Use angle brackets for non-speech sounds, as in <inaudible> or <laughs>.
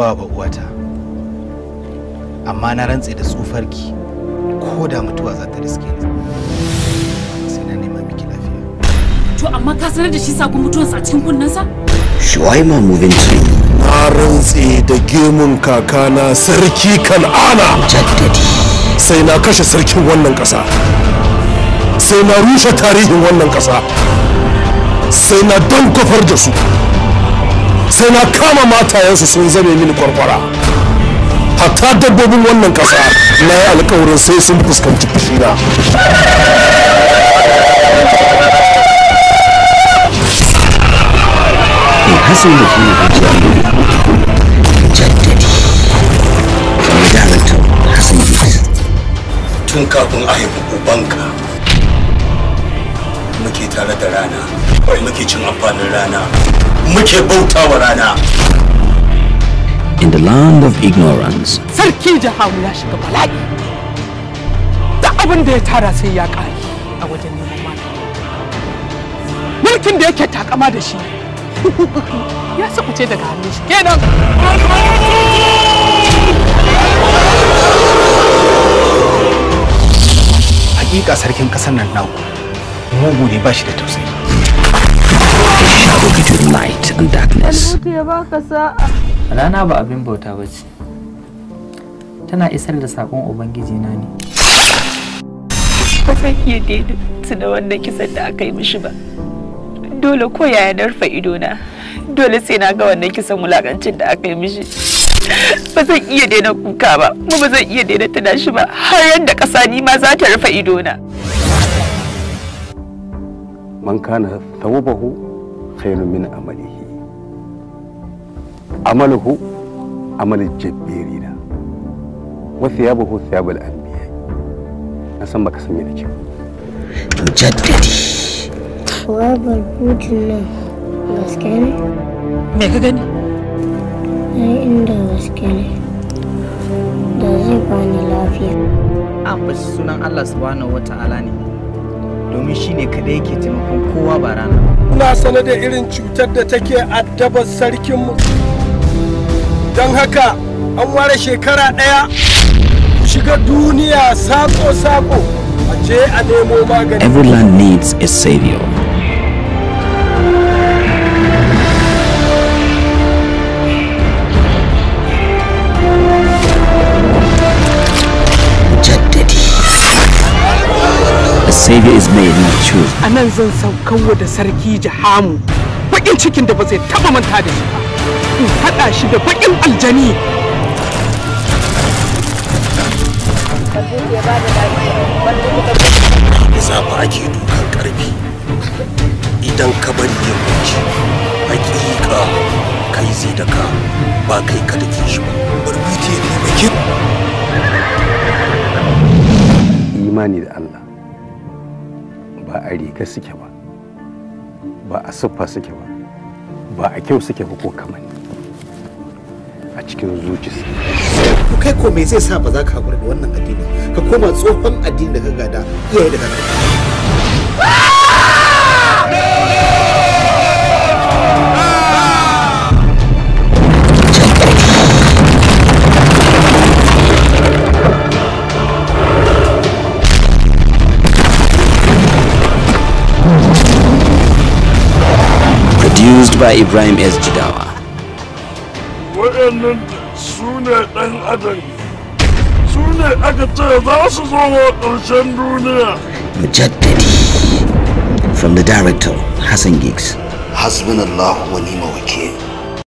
ba wa uwata amma na rantse da tsufarki ko da mutuwa za ta riske ni sai na nema miki lafiya to amma ka sanar da shi sakon mutuwansa a cikin kunnensa ma Mubin train na rantse da gemun kakana sarki kan'ana jaddadi sai na kashe sarkin wannan ƙasa sai na rushe tarihin wannan ƙasa sai na don kofar da su sai na kama matayensu sun zame mini kwarkwara hatta dabbobin wannan kasa na yi alkawarin sai sun fuskanci fushina eh, da jaddadi tun kafin a haifi ubanka muke tare da rana muke cin amfanin rana muke bauta wa rana in the land of ignorance sarki jahamu ya shiga bala'i da abin da ya tara sai ya kare a wajen neman mulkin da yake takama da shi <laughs> ya sakuce daga hannun shi kenan hakika sarkin kasar nan naku mugu ne ba shi da tausayi shadow between light and darkness rana ba abin bauta ba ce tana isar da saƙon ubangiji na ne ba zan iya daidaitu da wannan kisan da aka yi mishi ba dole ko yaya na rufe idona dole sai na ga wannan kisan wulakancin da aka yi mishi ba zan iya daina kuka ba kuma ba zan iya daina tuna shi ba har yadda ƙasa ni ma za ta rufe idona man kana tawabahu khairu min amalihi amaluhu amal jabbirina wa thiyabuhu thiyabul anbiya na san baka san me nake to jaddadi wabar hutun nan gaske me ka gani ai inda gaske da zai bani lafiya bashi sunan Allah subhanahu wata'ala ne domin ne kadai yake taimakon kowa ba rana ina sanar da irin cutar da take addabar sarkinmu don haka an ware shekara ɗaya shiga duniya sako-sako a je a nemo magani every land needs a savior savior is made not ciwo. a nan zan kawo da sarki jahamu bakin cikin da ba zai taba manta da shi in hada shi da bakin aljani da zafi ake dukan karfi idan ka bari ya kunci hakika kai zai da ka ba kai ka dake shi ba barbiti ne imani da Allah a riga suke ba ba a siffa suke ba ba a kyau suke ba ko kamar a cikin zuci su kai ko me zai sa ba za ka haƙura da wannan addini ka koma tsohon addini da ka gada iyaye da ka used by Ibrahim S. Jidawa. Waɗannan su ɗan adam, su ne za su zo wa ƙarshen duniya. Mujaddadi from the director Hassan Giggs. Hasbunallahu wa ni'mal